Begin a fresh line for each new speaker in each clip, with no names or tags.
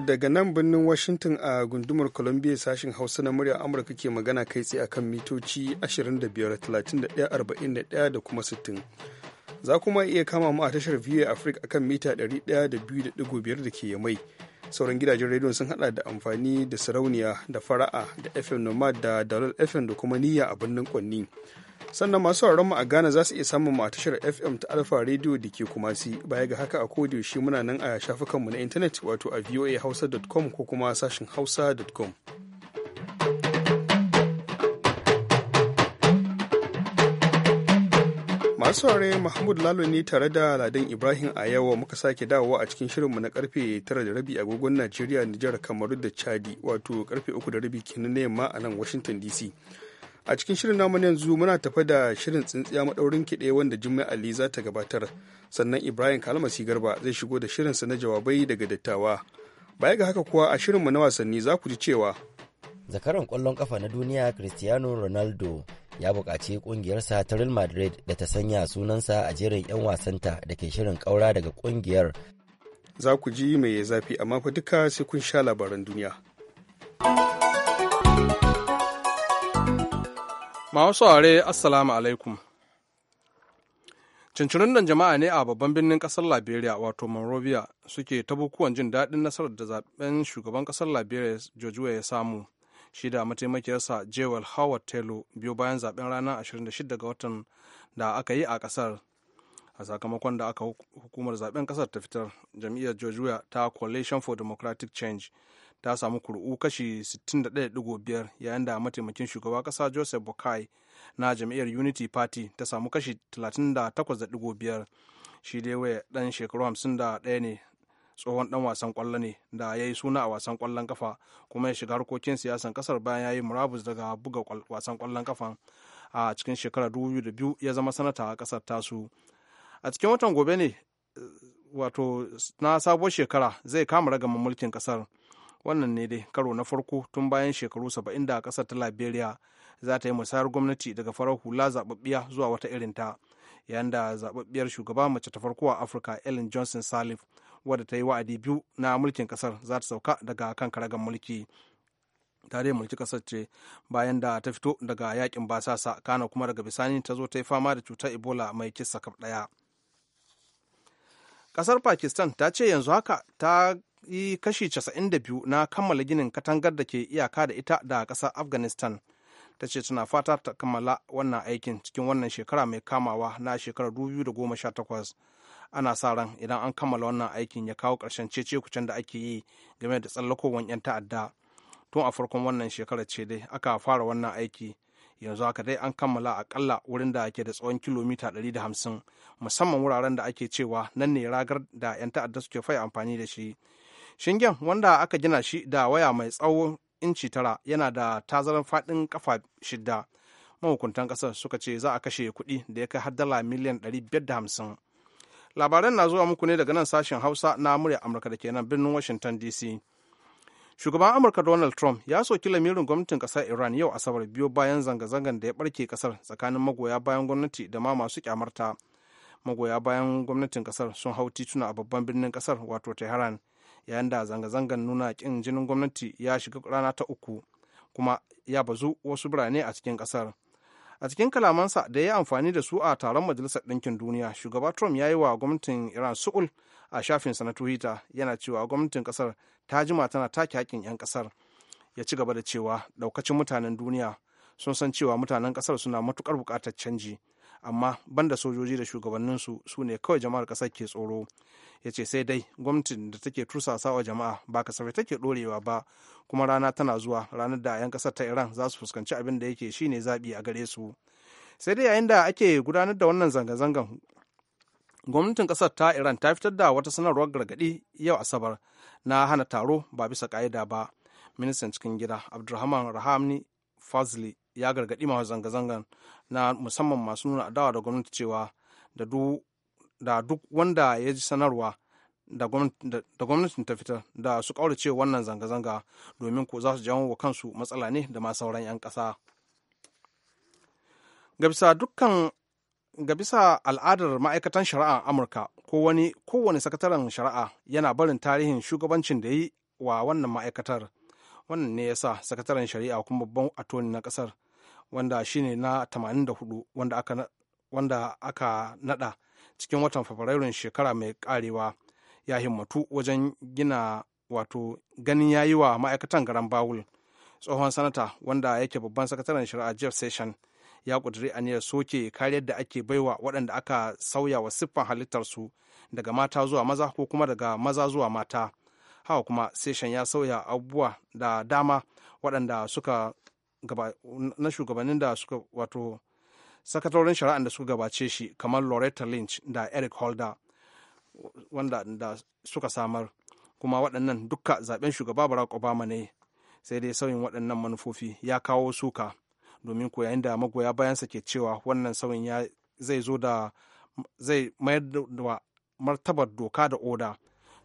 daga nan birnin Washington a gundumar Columbia sashen Hausa na murya Amurka ke magana kai tsaye akan mitoci 25, 31, da kuma 60. za kuma iya kama mu a tashar VOA Africa akan mita 102.5 da ke yamai. Sauran gidajen rediyon sun hada da amfani da sarauniya da fara'a da FM Nomad da Dalol FM da kuma niyya a birnin Kwanni. sannan masu sauraron mu a Ghana za su iya samun mu a tashar FM ta Alfa Radio da ke kuma si baya ga haka a kodiyo shi muna nan a shafukanmu na intanet wato a voahausa.com ko kuma sashin hausa.com. masu aure mahmud lalo ne tare da ladan ibrahim a yawa muka sake dawowa a cikin shirinmu na karfe 9:30 agogon najeriya nijar kamaru da chadi wato karfe rabi kenan ne yamma a nan washington dc a cikin shirin namu yanzu muna tafe da shirin tsintsiya maɗaurin kiɗe wanda jimai ali za ta gabatar sannan ibrahim kalmasi garba zai shigo da shirinsa na jawabai daga dattawa baya ga haka kuwa a shirin mu na wasanni za ku ji cewa
zakaran kwallon kafa na duniya cristiano ronaldo ya buƙaci ƙungiyarsa ta real madrid da ta sanya sunansa a jerin 'yan wasanta da ke shirin ƙaura daga ƙungiyar
za ku ji mai zafi amma fa duka sai kun sha labaran duniya.
Masu saurare Assalamu alaikum. nan jama'a ne a babban birnin kasar Liberia wato Monrovia suke ta bukuwan jin daɗin nasarar da zaben shugaban kasar Liberia George ya samu shi da mataimakiyarsa Jewel Howard Taylor biyu bayan zaben ranar 26 ga watan da aka yi a kasar. A sakamakon da aka hukumar zaben kasar ta fitar, jam'iyyar George ta Coalition for Democratic Change ta samu kuri'u kashi 61.5 yayin da mataimakin shugaban kasa joseph bokai na jam'iyyar unity party ta samu kashi 38.5 shi dai waya dan shekaru 51 ne tsohon dan wasan kwallo ne da ya yi suna a wasan kwallon kafa kuma ya shiga harkokin siyasan kasar bayan ya yi murabus daga buga wasan kwallon kafa a cikin shekarar 2002 ya zama sanata a kasar tasu a cikin watan gobe ne wato na sabon shekara zai kama ragaman mulkin kasar wannan ne dai karo na farko tun bayan shekaru saba'in da kasar ta liberia za ta yi musayar gwamnati daga farar hula zababbiya zuwa wata irin ta yayin da zababbiyar shugaba mace ta farko a afirka ellen johnson salif wadda ta yi wa'adi biyu na mulkin kasar za ta sauka daga kan karagan mulki tare mulki kasar ce bayan da ta fito daga yakin basasa kana kuma daga bisani ta zo ta yi fama da cutar ebola mai kisa kaf ɗaya. kasar pakistan ta ce yanzu haka ta karbi kashi 92 na kammala ginin katangar da ke iyaka da ita da ƙasar afghanistan ta ce tana fata ta kammala wannan aikin cikin wannan shekara mai kamawa na shekarar 2018 ana sa ran idan an kammala wannan aikin ya kawo ƙarshen cece-kucen da ake yi game da tsallakowar 'yan ta'adda tun a farkon wannan shekarar ce dai aka fara wannan aiki yanzu haka dai an kammala akalla wurin da ke da tsawon kilomita 150 musamman wuraren da ake cewa nan ne ragar da 'yan ta'adda suke fai amfani da shi shingen wanda aka gina shi da waya mai tsawo inci tara yana da tazarar faɗin kafa shida mahukuntan ƙasar suka ce za a kashe kuɗi da ya kai har dala miliyan 550 labaran na zuwa muku ne daga nan sashen hausa na murya amurka da ke nan birnin washington dc shugaban amurka donald trump ya soki lamirin gwamnatin kasar iran yau asabar biyo bayan zanga-zangar da ya barke kasar tsakanin magoya bayan gwamnati da ma masu kyamarta magoya bayan gwamnatin kasar sun hau tituna a babban birnin kasar wato tehran yayin da zanga-zangar nuna kin jinin gwamnati ya shiga rana ta uku kuma ya bazu wasu birane a cikin kasar a cikin kalamansa da ya yi amfani da su a taron majalisar ɗinkin duniya shugaba trump ya yi wa gwamnatin iran su'ul a shafinsa na twitter yana cewa gwamnatin kasar ta jima tana take haƙƙin 'yan kasar ya ci gaba da cewa ɗaukacin mutanen duniya sun san cewa mutanen kasar suna matukar buƙatar canji amma banda sojoji da shugabanninsu su ne kawai jama'ar ƙasar ke tsoro ya ce sai dai gwamnatin da take tursasa wa jama'a ba kasafai take ɗorewa ba kuma rana tana zuwa ranar da 'yan ƙasar ta iran za su fuskanci abin da yake shine zaɓi a gare su sai dai yayin da ake gudanar da wannan zanga-zangan gwamnatin ƙasar ta iran ta fitar da wata sanarwar gargaɗi yau asabar na hana taro ba bisa ƙa'ida ba ministan cikin gida abdulrahman rahamni fazli ya gargaɗi masu zanga-zangan na musamman masu nuna adawa da gwamnati cewa da duk wanda ya ji sanarwa da gwamnatin ta fitar da su kaurace wannan zanga-zanga domin ko za su jawo wa kansu matsala ne da ma sauran 'yan ƙasa. Ga bisa al'adar ma'aikatan shari'a Amurka ko sakataren shari'a yana barin tarihin shugabancin da yi wa wannan ma'aikatar. Wannan ne sa sakataren shari'a kuma babban atoni na kasar. wanda shine na 84 wanda aka wanda aka nada cikin watan fabrairun shekara mai karewa ya himmatu wajen gina wato ganin ya yi wa ma'aikatan garan bawul tsohon sanata wanda yake babban sakataren shari'a jeff session ya ƙudiri aniyar soke kariyar da ake baiwa waɗanda aka sauya wa siffan halittarsu daga mata zuwa maza ko kuma daga maza zuwa mata hawa kuma session ya sauya abubuwa da dama waɗanda suka na shugabannin da suka wato sakatorin shari'ar da suka gabace shi kamar loretta lynch da eric holder wanda da suka samar kuma waɗannan dukka zaben shugaba barack obama ne sai dai sauyin waɗannan manufofi ya kawo suka domin ko yayin da magoya bayansa ke cewa wannan sauyin ya zai zo da zai mayar da martabar doka da oda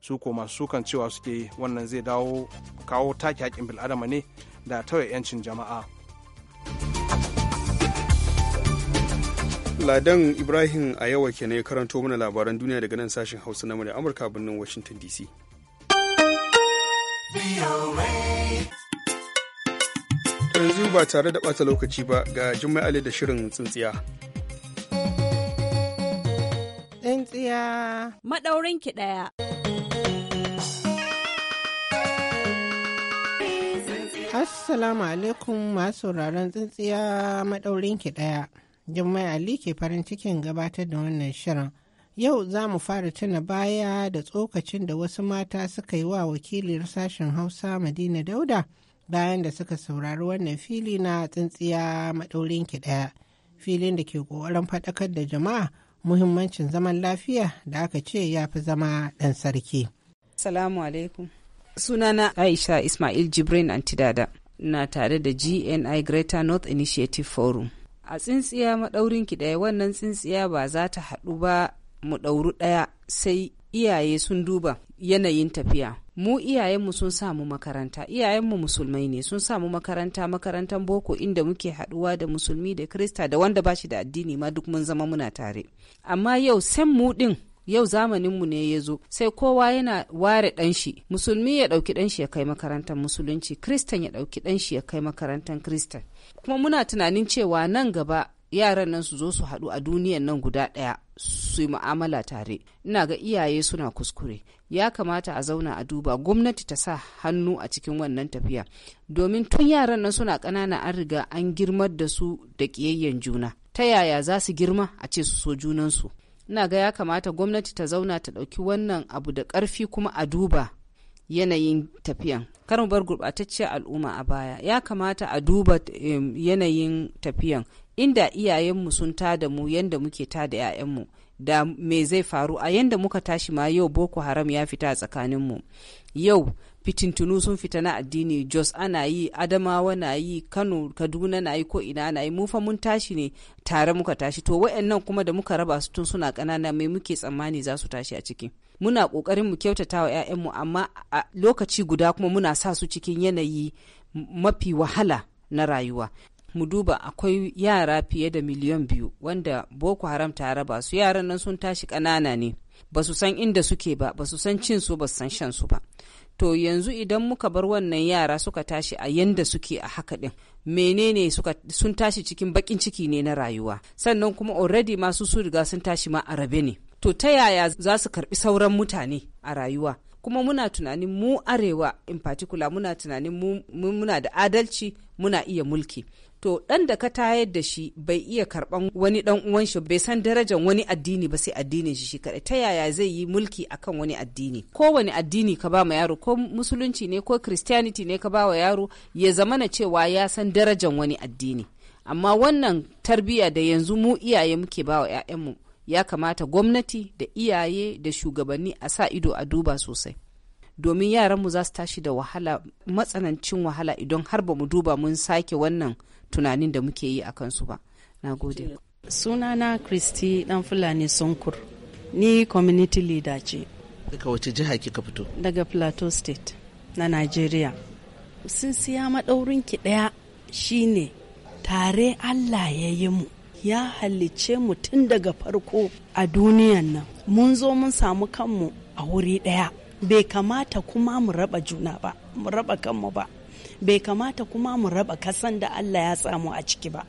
su ko masu sukan cewa suke wannan zai dawo kawo take haƙƙin bil'adama ne da tauye 'yancin jama'a
ladan ibrahim a yawa ke ya karanto mana labaran duniya daga nan sashen hausa na murya amurka birnin washington dc yanzu ba tare da ɓata lokaci ba ga Jummai Ali da shirin tsintsiya.
Tsintsiya. Maɗaurinki ɗaya. Assalamu alaikum masu sauraron tsintsiya maɗaurin ki ɗaya. Jummai Ali ke farin cikin gabatar da wannan shirin. Yau za mu fara tuna baya da tsokacin da wasu mata suka yi wa wakilin sashen Hausa Madina Dauda bayan da suka saurari wannan fili na tsintsiya maɗaurin ki ɗaya. Filin da ke ƙoƙarin faɗakar da jama'a muhimmancin zaman lafiya da aka ce ya fi zama ɗan sarki.
Assalamu alaikum. Sunana Aisha Ismail Jibrin Antidada na tare da GNI Greater North Initiative Forum. A tsintsiya maɗaurin ki ɗaya wannan tsintsiya ba za ta haɗu ba mu ɗauru ɗaya sai iyaye sun duba yanayin tafiya. Mu iyayenmu sun samu makaranta, iyayenmu musulmai ne sun samu makaranta makarantar boko inda muke haɗuwa da musulmi da krista da wanda ba shi da addini ma duk mun zama muna tare. Amma yau san mu ɗin yau zamaninmu ne ya zo sai kowa yana ware ɗanshi shi musulmi ya ɗauki ɗanshi shi ya kai makarantar musulunci kristan ya ɗauki ɗanshi shi ya kai makarantar kristan kuma muna tunanin cewa nan gaba yaran nan su zo su haɗu a duniyan nan guda ɗaya su yi mu'amala tare ina ga iyaye suna kuskure ya kamata a zauna a duba gwamnati ta sa hannu a cikin wannan tafiya domin tun yaran nan suna ƙanana an riga an girmar da su da kiyayyen juna ta yaya za su girma a ce su so junansu ina ga ya kamata gwamnati ta zauna ta ɗauki wannan abu da ƙarfi kuma a duba yanayin tafiyan kar mu bar gurɓatacciyar al'umma a baya ya kamata a duba yanayin tafiyan inda iyayenmu sun da mu yanda muke ta tada 'ya'yanmu da me zai faru a yanda muka tashi ma yau boko haram ya fita a tsakaninmu yau fitintunu sun fita na addini jos ana yi adamawa na yi kano kaduna na yi ko ina na yi mufa mun tashi ne tare muka tashi to wayannan kuma da muka raba su tun suna ƙanana mai muke tsammani za su tashi a ciki muna ƙoƙarin mu kyautata wa 'ya'yanmu amma a lokaci guda kuma muna sa su cikin yanayi mafi wahala na rayuwa mu duba akwai yara fiye da miliyan biyu wanda boko haram ta raba su yaran nan sun tashi ƙanana ne ba su san inda suke ba ba su san cin su ba su san shan su ba to yanzu idan muka bar wannan yara suka tashi a yanda suke a haka din menene sun tashi cikin bakin ciki ne na rayuwa sannan kuma already masu su riga sun tashi ma a rabe ne to ta yaya za su karbi sauran mutane a rayuwa kuma muna tunanin mu arewa in particular muna tunanin muna da adalci muna iya mulki to ɗan da ka tayar da shi bai iya karɓan wani dan uwan shi bai san darajar wani addini ba sai addinin shi shi kaɗai ta yaya zai yi mulki akan wani addini ko kowane addini ka ba ma yaro ko musulunci ne ko christianity ne ka ba wa yaro ya zama na cewa ya san darajar wani addini amma wannan tarbiyya da yanzu mu iyaye muke ba wa 'ya'yanmu ya kamata gwamnati da iyaye da shugabanni a sa ido a duba sosai domin yaranmu za su tashi da wahala matsanancin wahala idan har ba mu duba mun sake wannan tunanin da muke yi a kansu ba na gode sunana
kristi dan fulani sunkur ni community leader ce daga wace jiha kika fito daga plateau state na nigeria sun siya ki ɗaya shine tare allah ya yi mu ya halicce mu tun daga farko a duniyan nan mun zo mun samu kanmu a wuri ɗaya bai kamata kuma mu raba juna ba mu raba kanmu ba bai kamata kuma mu raba kasan da Allah ya tsamu a ciki ba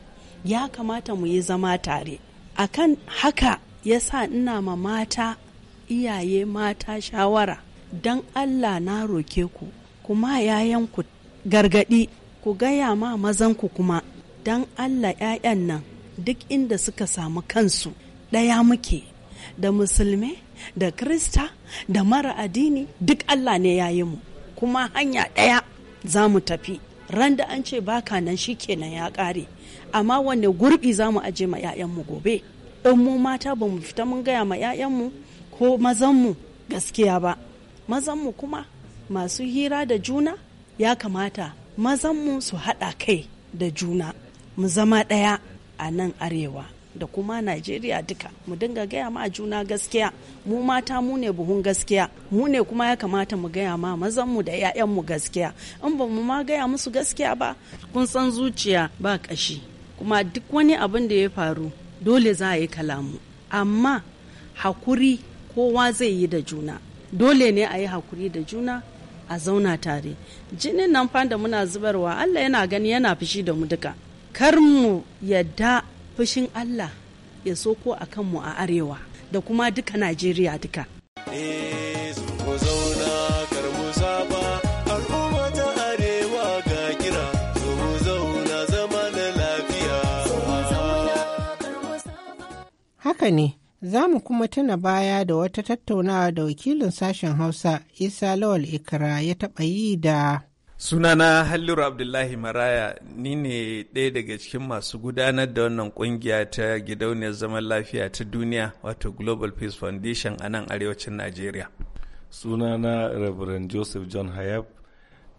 ya kamata mu yi zama tare akan haka ya sa ina ma mata iyaye mata shawara don Allah na roke ku kuma yayanku gargadi ku gaya ma mazanku kuma don Allah 'ya'yan nan duk inda suka samu kansu ɗaya muke da musulmi da krista da mara addini duk Allah ne yayi mu kuma hanya ɗaya za mu tafi ran da an ce baka nan shi kenan ya ƙare amma wanne gurbi za mu aje ma 'ya'yanmu gobe in mu mata ba mu fita mun gaya ma 'ya'yanmu ko mazanmu gaskiya ba mazanmu kuma masu hira da juna ya kamata mazanmu su haɗa kai da juna mu zama ɗaya a nan arewa da kuma najeriya duka mu dinga gaya ma juna gaskiya mu mata mu ne buhun gaskiya mu ne kuma ya kamata mu gaya ma mazanmu da mu gaskiya in ba mu ma gaya musu gaskiya ba kun san zuciya ba ƙashi kuma duk wani abin da ya faru dole za a yi kalamu amma hakuri kowa zai yi da juna dole ne a yi hakuri da juna a zauna tare jinin nan fa da muna zubarwa allah yana gani yana fushi da mu duka kar mu yadda fushin Allah ya soko a kanmu a arewa da kuma duka Najeriya duka.
Haka ne, za mu kuma tuna baya da wata tattaunawa da wakilin sashen Hausa Isa Lawal Ikra ya taɓa yi da
Sunana Halliru Abdullahi Maraya ni ne ɗaya daga cikin masu gudanar da wannan ƙungiya ta gidauniyar zaman lafiya ta duniya wato Global Peace Foundation a nan arewacin Najeriya.
Sunana Reverend Joseph John Hayab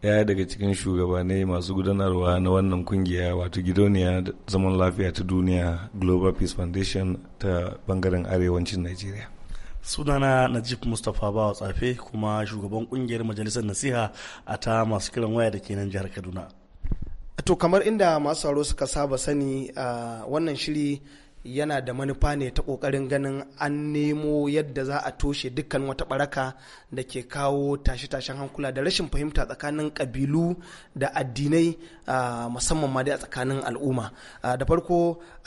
ɗaya daga cikin shugabanai masu gudanarwa na wannan kungiya wato gidauniya zaman lafiya ta duniya Global Peace Foundation ta bangaren arewacin Najeriya.
sunana najib mustapha bawa tsafe kuma shugaban kungiyar majalisar nasiha a ta masu kiran waya da ke nan jihar kaduna
to kamar inda masu sauro suka saba sani a wannan shiri yana da manufa ne ta kokarin ganin an nemo yadda za a toshe dukkan wata baraka da ke kawo tashe-tashen hankula da rashin fahimta tsakanin kabilu da addinai musamman ma dai a tsakanin al'umma da farko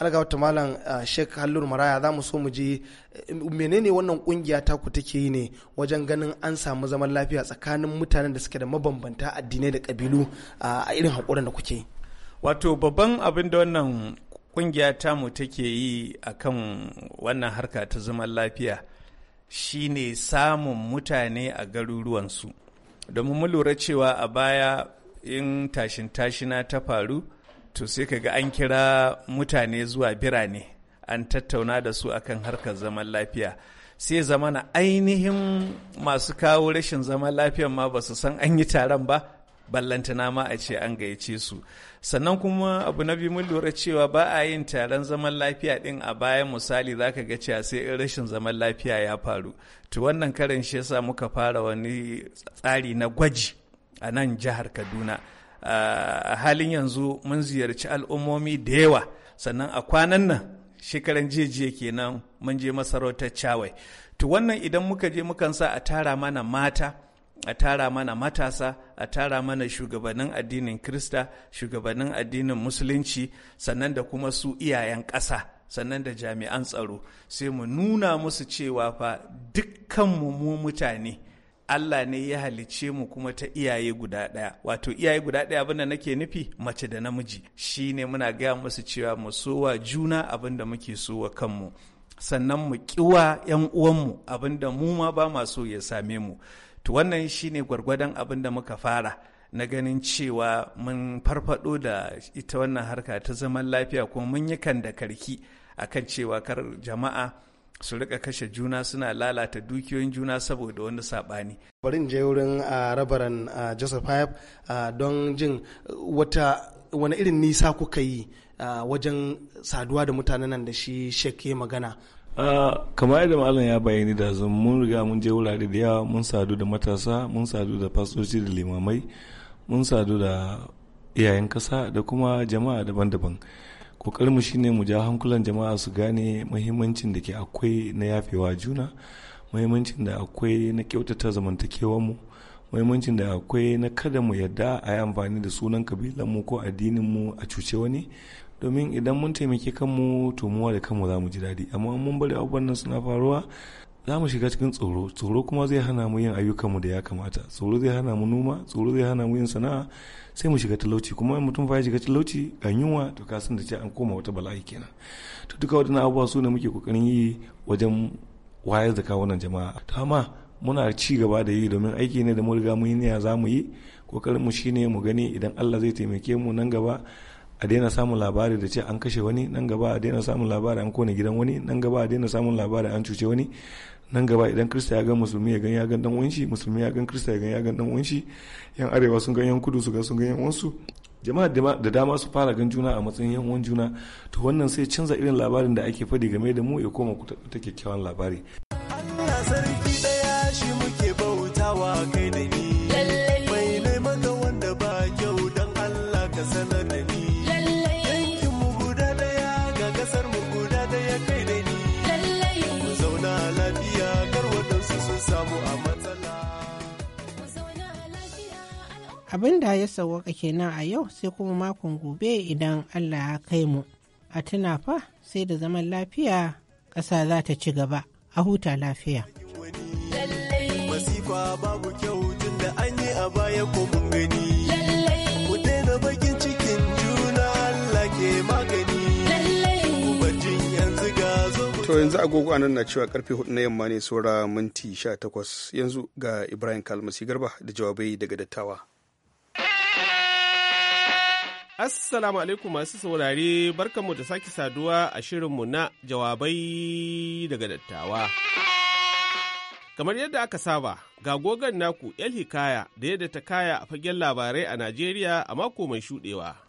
algawata malam sheikh hallur maraya za mu so mu je menene wannan kungiya ta ku take yi ne wajen ganin an samu zaman lafiya tsakanin mutanen da suke da mabambanta addinai da kabilu a irin haƙurin da kuke
wato babban abin da wannan kungiya mu take yi a kan wannan harka ta zaman lafiya shine samun mutane a garuruwansu domin mu lura cewa a baya in tashin tashina ta faru to sai ka ga an kira mutane zuwa birane an tattauna da su akan harkar zaman lafiya sai zamana ainihin masu kawo rashin zaman lafiyan ma ba su san an yi taron ba ballantana ma a ce an gayyace su sannan kuma abu na biyu mun lura cewa ba a yin taron zaman lafiya din a bayan misali za ka ga cewa sai in rashin zaman lafiya ya faru to wannan karin shi yasa muka fara wani tsari na gwaji a nan jihar kaduna a halin yanzu mun ziyarci al'ummomi da yawa sannan a kwanan nan shekaran jiya kenan mun je masarautar cawai to wannan idan muka je mukan sa a tara mana mata a tara mana matasa a tara mana shugabannin addinin krista shugabannin addinin musulunci sannan da kuma su iyayen ƙasa sannan da jami'an tsaro sai mu nuna musu cewa fa dukkanmu mu mutane Allah ne ya halicce mu kuma ta iyaye guda ɗaya wato iyaye guda ɗaya abin da nake nufi mace da namiji shine muna gaya musu cewa mu sowa juna abin da muke sowa kanmu sannan mu kiwa 'yan uwanmu abin da mu ma ba ma so ya same mu to wannan shi ne gwargwadon abin da muka fara na ganin cewa mun farfado da ita wannan harka ta zaman lafiya kuma mun yi kan da karki kan cewa kar jama'a su rika kashe juna suna lalata dukiyoyin juna saboda wani sabani.
Bari in je wurin rabaran Joseph Hayab don jin wata wani irin nisa kuka yi wajen saduwa da mutanen nan da shi shek magana
kamar yadda malam ya bayani da zan mun riga mun je wurare da yawa mun sadu da matasa mun sadu da fasoci da limamai mun sadu da iyayen kasa da kuma jama'a daban-daban kokarinmu shine mu ja hankulan jama'a su gane muhimmancin da ke akwai na yafewa juna muhimmancin da akwai na kyautata zamantakewarmu muhimmancin da akwai na kada mu yadda a yi amfani da sunan kabilanmu ko addininmu a cuce wani domin idan mun taimaki kanmu to muwa da kanmu za mu ji daɗi amma mun bari abubuwan nan suna faruwa za mu shiga cikin tsoro tsoro kuma zai hana mu yin ayyukanmu da ya kamata tsoro zai hana mu noma tsoro zai hana mu yin sana'a sai mu shiga talauci kuma mutum fa ya shiga talauci ga yunwa to ka san da ce an koma wata bala'i kenan to duka waɗannan abubuwa su ne muke kokarin yi wajen wayar da kawunan jama'a to amma muna ci gaba da yi domin aiki ne da mu riga mun yi ne za mu yi kokarin mu shine mu gani idan Allah zai taimake mu nan gaba a daina samun labari da ce an kashe wani nan gaba a daina samun labari an kone gidan wani nan gaba a daina samun labari an cuce wani nan gaba idan krista ya gan musulmi ya gan ya gan dan uwanshi musulmi ya gan krista ya gan ya gan dan uwanshi yan arewa sun gan yan kudu su ga sun gan yan wansu. jama'a da dama su fara gan juna a matsayin yan uwan juna to wannan sai canza irin labarin da ake faɗi game da mu ya koma ta kyakkyawan labari
Allah sarki daya shi muke bautawa kai
abin da ya sauwaka kenan a yau sai kuma makon gobe idan allah ya kai mu a tuna fa sai da zaman lafiya ƙasa za ta ci gaba a huta lafiya
masifa babu kyau tun da an yi a baya ko mun gani ku daina bakin cikin juna allah ke magani
To yanzu agogo anan na cewa karfe hudu na yamma ne saura minti 18 yanzu ga Ibrahim Kalmasi Garba da jawabai daga dattawa.
Assalamu alaikum masu saurare barkanmu da sake saduwa a shirinmu na jawabai daga dattawa. Kamar yadda aka saba, ga gogon naku El Hikaya da yadda ta kaya a fagen labarai a Najeriya a mako mai shuɗewa.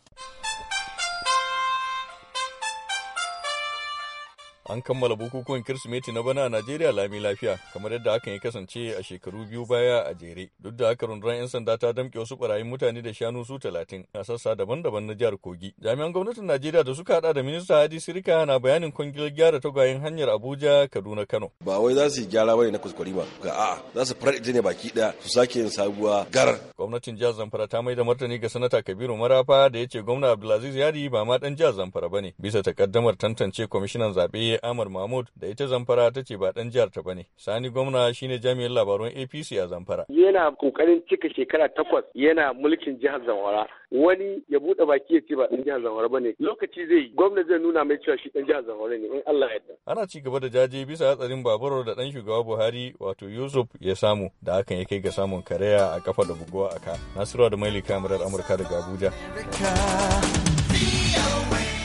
An kammala bukukuwan Kirsimeti na bana a Najeriya lami lafiya, kamar yadda hakan ya kasance a shekaru biyu baya a jere. Duk da haka rundunar 'yan sanda ta damƙe wasu barayin mutane da shanu su talatin a sassa daban-daban na jihar Kogi. Jami'an gwamnatin Najeriya da suka hada da minista Hadi Sirika na bayanin kwangilar gyara tagwayen hanyar Abuja, Kaduna, Kano. Ba wai za su yi gyara bane na kuskure ba, ga a'a za su fara ne baki daya. su sake yin sabuwa gar. Gwamnatin jihar Zamfara ta mai da martani ga sanata Kabiru Marafa da ya ce gwamna Abdulaziz Yari ba ma dan jihar Zamfara bane bisa takaddamar tantance kwamishinan zaɓe Marigayi Ahmad Mahmud da ita Zamfara ta ce ba ɗan jihar ta bane. Sani gwamna shine jami'in labaran APC a Zamfara.
Yana kokarin cika shekara takwas yana mulkin jihar Zamfara. Wani ya buɗe baki ya ce ba ɗan jihar Zamfara bane. Lokaci zai yi gwamna zai nuna mai cewa shi ɗan jihar Zamfara ne in Allah ya yarda.
Ana ci gaba da jaje bisa hatsarin babura da ɗan shugaba Buhari wato Yusuf ya samu da hakan ya kai ga samun karaya a kafa da buguwa a ka. Nasiru da Maili kamarar Amurka daga Abuja.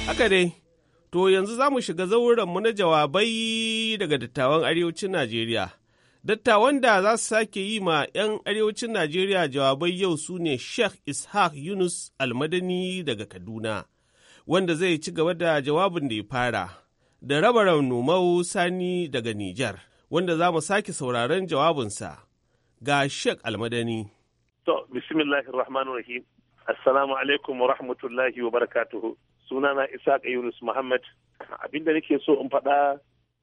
Haka dai, To yanzu za mu shiga zaurenmu na jawabai daga dattawan arewacin Najeriya. Dattawan da za su sake yi ma 'yan arewacin Najeriya jawabai yau su ne Sheikh Ishaq Yunus Almadani daga Kaduna, wanda zai ci gaba da jawabin da ya fara, da rabaran numau Sani daga Nijar, wanda za mu sake sauraron jawabinsa ga Sheikh Almadani.
To, Bismillahirrahmanirrahim. Assalamu alaikum wa rahmatullahi wa barakatuhu. sunana Isaac Yunus Muhammad abinda nake so in faɗa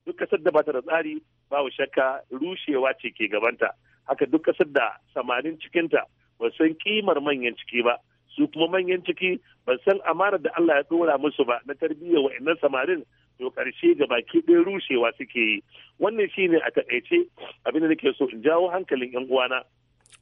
duk kasar da bata da tsari babu shakka rushewa ce ke gabanta haka duk kasar da samanin cikinta ba san kimar manyan ciki ba su kuma manyan ciki ba san amarar da Allah ya dora musu ba na tarbiyyar wa'annan samarin to karshe ga baki ɗaya rushewa suke yi wannan shine a takaice abin da nake so in jawo hankalin yan uwana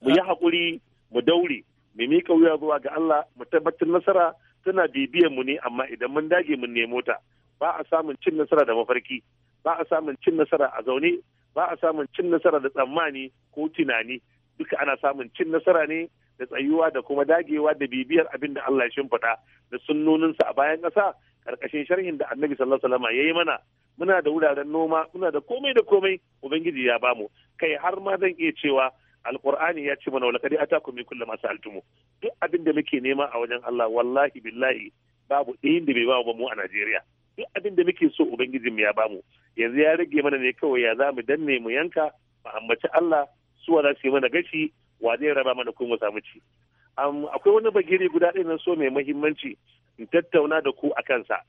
mu yi haƙuri mu daure mu miƙa wuya zuwa ga Allah mu tabbatar nasara suna bibiyan mu ne amma idan mun dage mun nemo ta ba a samun cin nasara da mafarki ba a samun cin nasara a zaune ba a samun cin nasara da tsammani ko tunani duka ana samun cin nasara ne da tsayuwa da kuma dagewa da bibiyar abin da Allah ya shimfiɗa da sunnoninsa a bayan ƙasa karkashin sharhin da annabi sallallahu alaihi wasallam ya yi mana muna da wuraren noma muna da komai da komai ubangiji ya bamu kai har ma zan iya cewa alqur'ani ya ce mana walaqad atakum min kulli ma sa'altum duk abin da muke nema a wajen Allah wallahi billahi babu ɗayan da bai ba ba mu a Najeriya duk abin da muke so ubangijin mu ya bamu yanzu ya rage mana ne kawai ya zamu danne mu yanka mu ambaci Allah wa za su yi mana gashi wa zai raba mana kun mu samu ci akwai wani bagire guda ɗaya na so mai muhimmanci. in tattauna da ku a kansa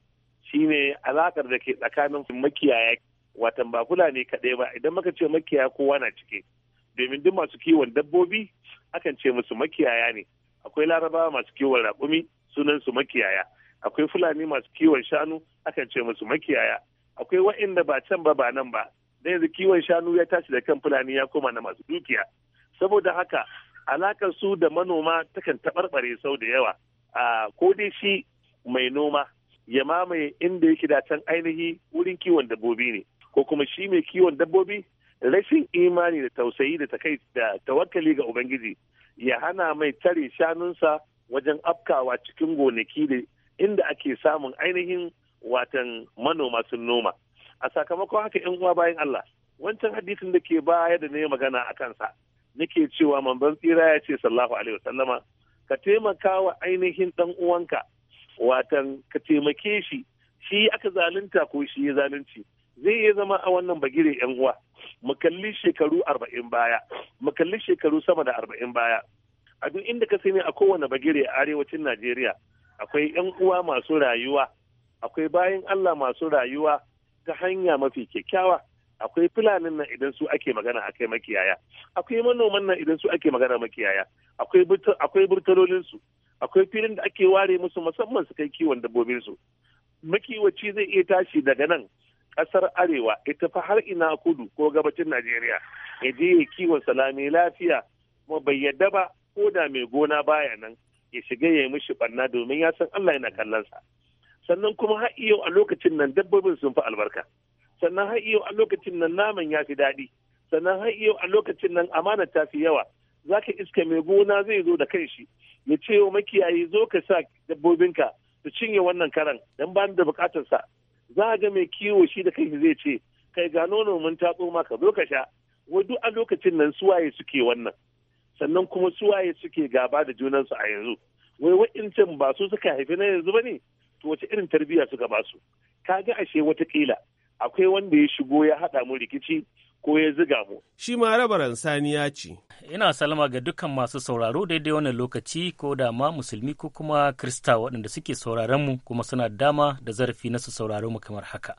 shine alakar da ke tsakanin makiyaya watan ba ne kaɗai ba idan muka ce makiyaya kowa na cike domin duk masu kiwon dabbobi akan ce musu makiyaya ne akwai larabawa masu kiwon raƙumi sunan su makiyaya akwai fulani masu kiwon shanu akan ce musu makiyaya akwai wa'inda ba can ba ba nan ba da yanzu kiwon shanu ya tashi da kan fulani ya koma na masu dukiya saboda haka alakar su da manoma takan taɓarɓare sau da yawa a ko dai shi mai noma ya mamaye inda yake da can ainihi wurin kiwon dabbobi ne ko kuma shi mai kiwon dabbobi rashin imani da tausayi da kai da tawakkali ga ubangiji ya hana mai tare shanunsa wajen afkawa cikin gonaki da inda ake samun ainihin watan manoma sun noma a sakamakon haka yan uwa bayan Allah wancan hadisin da ke baya da yi magana a kansa nake cewa Mamban tsira ya ce sallahu alaihi wasallama ka taimaka wa ainihin dan uwanka watan ka taimake shi shi aka zalunta ko shi ya zalunci zai iya zama a wannan bagire yan uwa mu kalli shekaru arba'in baya mu kalli shekaru sama da arba'in baya abin inda ka sani a kowane bagire a arewacin najeriya akwai yan uwa masu rayuwa akwai bayan allah masu rayuwa ta hanya mafi kyakkyawa akwai fulanin nan idan su ake magana a kai makiyaya akwai manoman nan idan su ake magana makiyaya akwai burtalolin su akwai filin da ake ware musu musamman su kai kiwon dabbobin su makiwaci zai iya tashi daga nan kasar arewa ita fa har ina kudu ko gabacin najeriya ya je ya kiwon salami lafiya kuma bai yadda ba ko da mai gona baya nan ya shiga ya yi mishi barna domin ya san allah yana kallonsa sannan kuma har yau a lokacin nan dabbobin sun fi albarka sannan har yau a lokacin nan naman ya fi daɗi sannan har yau a lokacin nan amana ta fi yawa za iska mai gona zai zo da shi ya ce wa makiyayi zo ka sa dabbobinka su cinye wannan karan dan ba ni da bukatarsa za a ga mai kiwo shi da kai zai ce kai ga nono mun tatso maka zo ka sha wai duk a lokacin nan suwaye suke wannan sannan kuma suwaye suke gaba da junansu a yanzu wai wa'incan ba su suka haifi na yanzu ba ne to wace irin tarbiyya suka ba su ga ashe watakila akwai wanda ya shigo ya haɗa mu rikici ko ya ziga mu.
Shi ma rabaran saniya ce. Ina salama ga dukkan masu sauraro daidai wannan lokaci ko da ma musulmi ko kuma krista waɗanda suke sauraron mu kuma suna dama da zarafi na su sauraro mu kamar haka.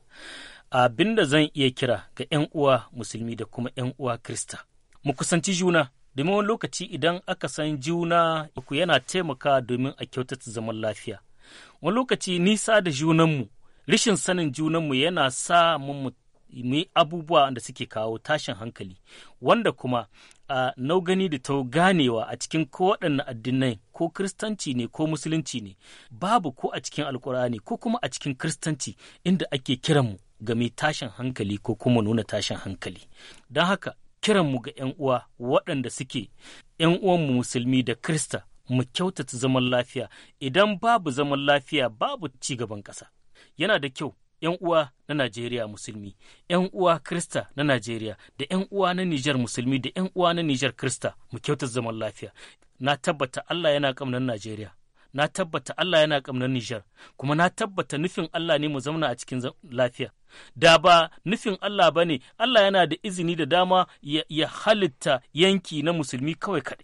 Abin da zan iya kira ga 'yan uwa musulmi da kuma 'yan uwa krista. Mu kusanci juna domin wani lokaci idan aka san juna ku yana taimaka domin a kyautata zaman lafiya. Wani lokaci nisa da junanmu, rishin sanin junanmu yana sa mu mu yi abubuwa da suke kawo tashin hankali wanda kuma a nau gani da ta ganewa a cikin ko waɗannan addinai ko kristanci ne ko musulunci ne babu ko a cikin alkur'ani ko kuma a cikin kristanci inda ake kiranmu game tashin hankali ko kuma nuna tashin hankali don haka kiranmu ga 'yan uwa waɗanda suke 'yan uwanmu musulmi da krista mu kyautata zaman lafiya idan babu zaman lafiya babu ci gaban ƙasa yana da kyau 'yan uwa na Najeriya musulmi, 'yan uwa Krista na Najeriya, da 'yan uwa na Nijar musulmi, da 'yan uwa na Nijar Krista mu kyautar zaman lafiya. Na tabbata Allah yana ƙamnan Najeriya, na tabbata Allah yana ƙamnan Nijar, kuma na tabbata nufin Allah ne mu zauna a cikin lafiya. Da ba nufin Allah ba ne, Allah yana da izini da dama ya halitta yanki na musulmi kawai kaɗai.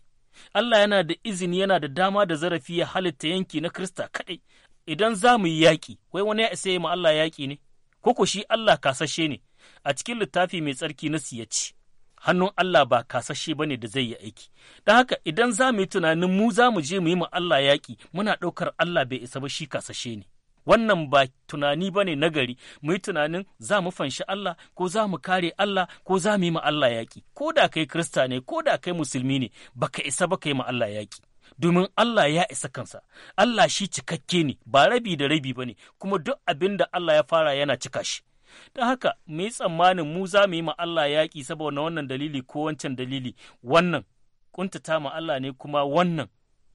Allah yana da izini yana da dama da zarafi ya halitta yanki na Krista kaɗai, idan za mu yi yaƙi, wai wani ya isa yi Allah yaƙi ne, ko koshi shi Allah kasashe ne, a cikin littafi mai tsarki na siya ce, hannun Allah ba kasashe ba ne da zai yi aiki. Don haka idan za mu yi tunanin mu za mu je mu yi ma Allah yaƙi, muna ɗaukar Allah bai isa ba shi kasashe ne. Wannan ba tunani ba ne nagari, mu yi tunanin za mu fanshi Allah ko za mu kare Allah ko za mu yi ma Allah yaƙi. Ko da kai Kirista ne, ko da kai Musulmi ne, baka isa ba ka yi ma Allah yaƙi. domin Allah ya isa kansa Allah shi cikakke ne ba rabi da rabi ba ne kuma duk abin da Allah ya fara yana cika shi don haka muyi tsammanin mu za mu yi ma Allah yaƙi saboda wannan dalili ko wancan dalili wannan kuntata ma Allah ne kuma wannan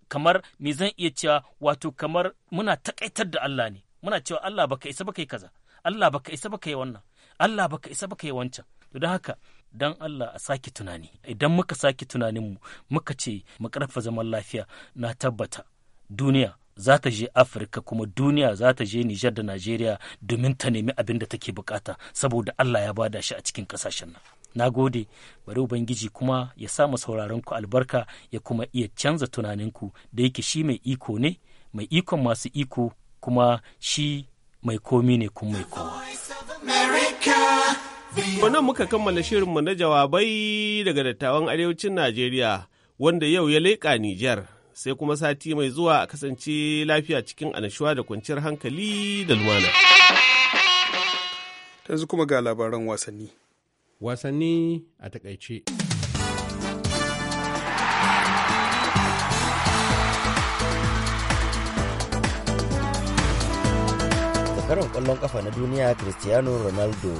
kamar me zan iya cewa wato kamar muna taƙaitar da Allah ne muna cewa Allah baka isa baka yi kaza Allah baka isa baka yi wannan Allah baka isa baka yi wancan don haka dan Allah a sake tunani idan muka sake tunaninmu muka ce mu zaman lafiya na tabbata duniya za ta je afirka kuma duniya za ta je nijar da najeriya domin ta nemi abin da take bukata saboda allah ya bada shi a cikin kasashen nan na gode bari ubangiji kuma ya sa sauraron ku albarka ya kuma iya canza tunaninku da yake shi mai iko ne mai ikon masu iko kuma shi mai komi ne kuma mai kowa
Wannan muka kammala shirinmu na jawabai daga dattawan arewacin Najeriya wanda yau ya leƙa Nijar sai kuma sati mai zuwa a kasance lafiya cikin anashuwa da
kwanciyar hankali da lumana. Yanzu kuma ga labaran wasanni. Wasanni a takaice.
zakaran ƙwallon ƙafa na duniya cristiano ronaldo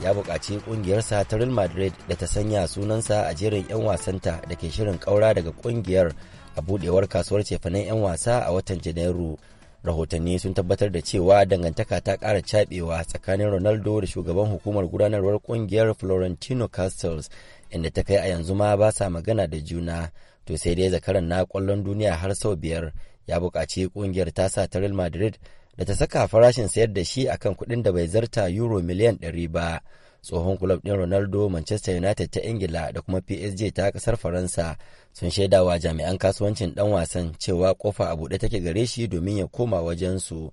ya buƙaci ƙungiyarsa ta Real Madrid da ta sanya sunansa a jerin 'yan wasanta da ke shirin ƙaura daga ƙungiyar a buɗewar kasuwar cefanen 'yan wasa a watan Janairu. Rahotanni sun tabbatar da cewa dangantaka ta ƙara caɓewa tsakanin Ronaldo da shugaban hukumar gudanarwar ƙungiyar Florentino Castles inda ta kai a yanzu ma ba sa magana da juna. To sai dai zakaran na ƙwallon duniya har sau biyar ya buƙaci ƙungiyar tasa ta Real Madrid da ta saka farashin sayar da shi akan kuɗin da bai zarta euro miliyan 100 ba tsohon kulob ɗin ronaldo manchester united ta ingila da kuma psg ta ƙasar faransa sun shaidawa jami'an kasuwancin ɗan wasan cewa kofa a buɗe take gare shi domin ya koma wajensu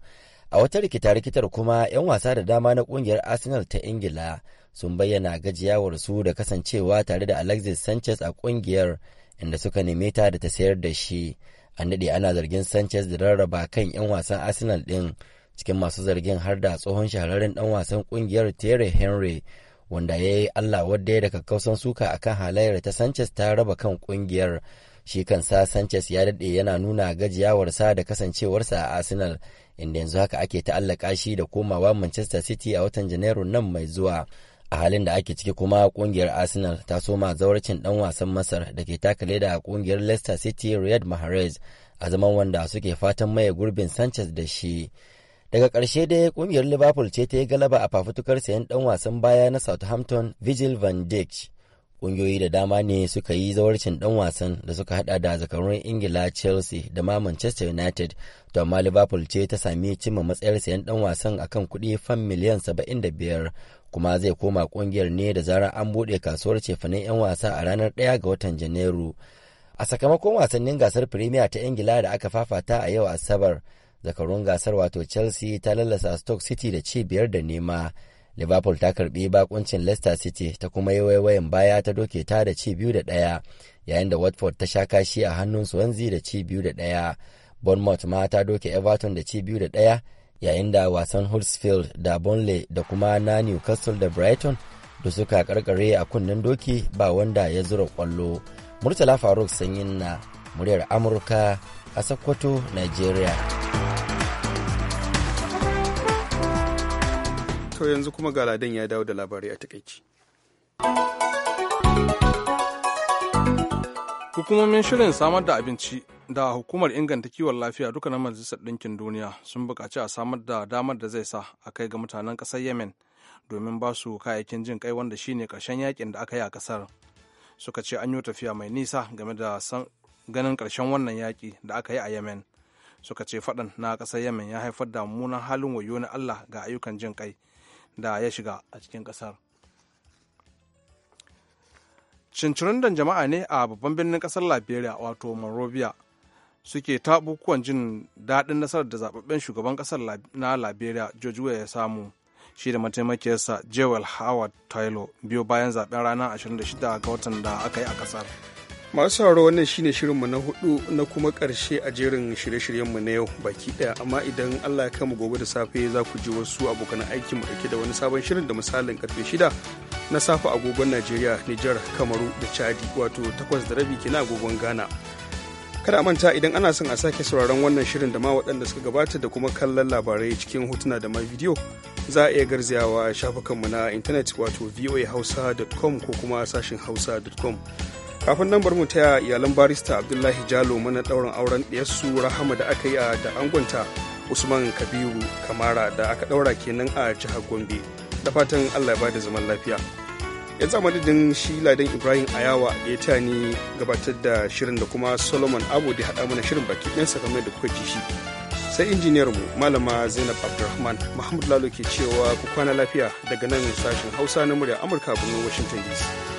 a wata rikita rikitar kuma 'yan wasa da dama na ƙungiyar arsenal ta ingila sun bayyana gajiyawar su da kasancewa tare da alexis sanchez a ƙungiyar inda suka neme ta da ta sayar da shi an daɗe ana zargin sanchez da rarraba kan 'yan wasan arsenal ɗin cikin masu zargin har da tsohon shahararren ɗan wasan ƙungiyar terry henry wanda ya yi allah wadda ya da kakkausan suka akan halayyar ta sanchez ta raba kan ƙungiyar shi sa sanchez ya daɗe yana nuna gajiyawarsa da kasancewarsa a arsenal inda yanzu haka ake ta'allaka shi da komawa manchester city a watan Janairu nan mai zuwa a halin da ake ciki kuma kungiyar arsenal ta soma zauracin dan wasan masar da ke taka leda a kungiyar leicester city riyad mahrez a zaman wanda suke fatan maye gurbin sanchez da shi daga ƙarshe dai kungiyar liverpool ce ta yi galaba a fafutukar sayan dan wasan baya na southampton vigil van dijk kungiyoyi da dama ne suka yi zawarcin ɗan wasan da suka hada da zakarun Ingila Chelsea da ma Manchester United, to amma Liverpool ce ta sami cimma matsayar sayan ɗan wasan akan kuɗi fan miliyan 75 kuma zai koma ƙungiyar ne da zarar an buɗe kasuwar cefanen 'yan wasa a ranar 1 ga watan Janairu. A sakamakon wasannin gasar Premier ta Ingila da aka fafata a yau Asabar, zakarun gasar wato Chelsea ta lallasa Stoke City da ci biyar da nema. liverpool ta karbi bakuncin leicester city ta kuma yi waiwayin baya ta doke ta da ci biyu da ɗaya yayin da watford ta sha kashi a hannun swansea da ci biyu da ɗaya bournemouth ma ta doke everton da ci biyu da ɗaya yayin da wasan huddersfield da burnley da kuma na newcastle da brighton da suka karkare a kunnen doki ba wanda ya zura kwallo murtala faruk sanyin na muryar amurka a sokoto nigeria
To yanzu kuma ga Ladan ya dawo da labarai a takaici.
Hukumomin shirin samar da abinci da hukumar inganta kiwon lafiya duka na majalisar ɗinkin duniya sun buƙaci a samar da damar da zai sa a kai ga mutanen ƙasar Yemen domin ba su kayayyakin jin kai wanda shine ƙarshen yakin da aka yi a ƙasar. Suka ce an yi tafiya mai nisa game da ganin ƙarshen wannan yaƙi da aka yi a Yemen. Suka ce faɗan na ƙasar Yemen ya haifar da mummunan halin wayo na Allah ga ayyukan jin kai. da ya shiga a cikin kasar cincirindon jama'a ne a babban birnin kasar liberia wato monrovia suke ta bukuwan jin daɗin nasarar da zababben shugaban kasar na liberia george weah ya samu shi da mataimakiyarsa jewel howard
taylor biyo bayan zaɓen ranar 26 ga watan da aka yi a kasar masu sauraro wannan shine mu na hudu na kuma karshe a jerin shirye shiryen mu na yau baki daya amma idan allah ya kama gobe da safe za ku ji wasu abokan aikin mu dauke da wani sabon shirin da misalin karfe shida na safe agogon najeriya nijar kamaru da chadi wato takwas da rabi kina agogon ghana kada manta idan ana son a sake sauraron wannan shirin da ma waɗanda suka gabata da kuma kallon labarai cikin hotuna da ma bidiyo za a iya garzayawa shafukanmu na intanet wato voahausa.com ko kuma sashin hausa.com kafin nan bar mu taya iyalan barista abdullahi jalo mana ɗaurin auren su rahama da aka yi a da angonta usman kabiru kamara da aka ɗaura kenan a jihar gombe da fatan allah ya bada zaman lafiya yanzu madadin shi ladan ibrahim ayawa da ya taya ni gabatar da shirin da kuma solomon abu da haɗa mana shirin baki sa kamar da kuka ji shi sai mu malama zainab abdulrahman muhammad lalo ke cewa ku kwana lafiya daga nan sashen hausa na murya amurka birnin washington dc